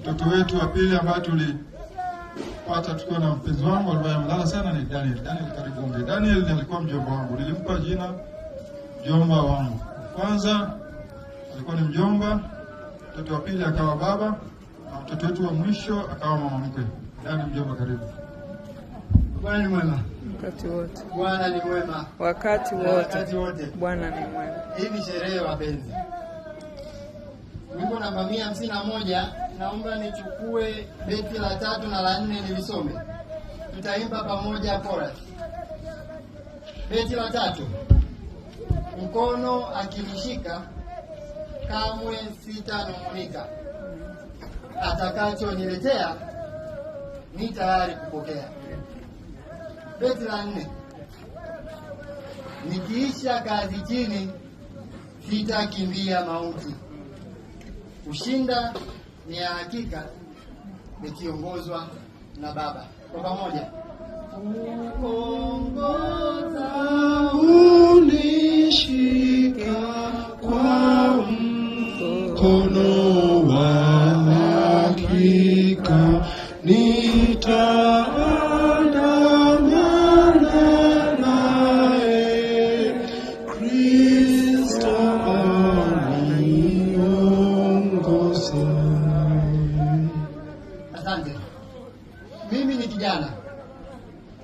Mtoto wetu wa pili ambaye tulipata tukiwa na mpenzi wangu ambaye amelala sana ni Daniel. Daniel karibu unge. Daniel alikuwa mjomba wangu, nilimpa jina mjomba wangu. Kwanza alikuwa ni mjomba, mtoto wa pili akawa baba, na mtoto wetu wa mwisho akawa mama mkwe. Daniel mjomba karibu. Bwana ni mwema wakati wote. Bwana ni mwema wakati wote. Bwana ni mwema. Hii ni sherehe wapenzi. Niko namba 151 naomba nichukue beti la tatu na la nne nilisome. Tutaimba pamoja kora. Beti la tatu: mkono akinishika, kamwe sitanung'unika, atakachoniletea ni tayari kupokea. Beti la nne: nikiisha kazi chini, sitakimbia mauti, kushinda ni ya hakika nikiongozwa na Baba. Kwa pamoja ongoza unishika kwa mkono wa hakika ni naye kijana,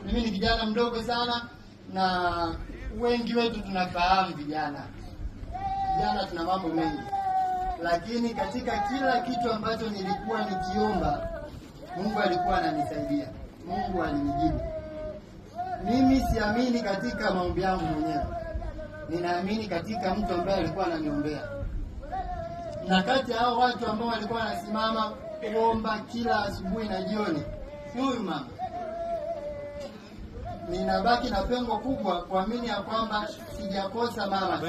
mimi ni kijana mdogo sana, na wengi wetu tunafahamu vijana, vijana tuna mambo mengi, lakini katika kila kitu ambacho nilikuwa nikiomba, Mungu alikuwa ananisaidia, Mungu alinijibu. Mimi siamini katika maombi yangu mwenyewe, ninaamini katika mtu ambaye alikuwa ananiombea. Na kati ya hao watu ambao walikuwa wanasimama kuomba kila asubuhi na jioni mama Ninabaki na pengo kubwa kuamini ya kwamba sijakosa mama,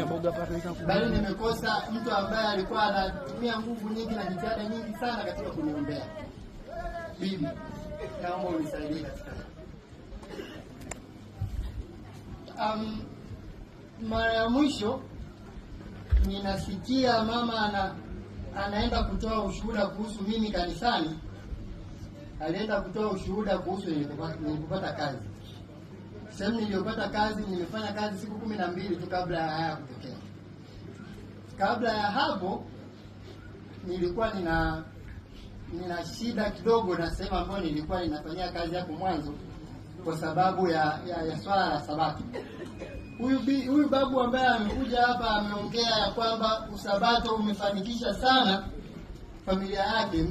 bali nimekosa mtu ambaye alikuwa anatumia nguvu nyingi na jitihada nyingi sana katika kuniombea. Bibi, naomba unisaidie katika um, mara ya mwisho ninasikia mama ana, anaenda kutoa ushuhuda kuhusu mimi kanisani alienda kutoa ushuhuda kuhusu nilipopata kazi. Sehemu niliyopata kazi, nilifanya kazi siku kumi na mbili tu kabla ya haya kutokea. Kabla ya hapo nilikuwa nina nina shida kidogo na sehemu ambayo nilikuwa ninafanyia kazi hapo mwanzo, kwa sababu ya ya, ya swala la Sabato. Huyu huyu babu ambaye amekuja hapa ameongea ya kwamba usabato umefanikisha sana familia yake.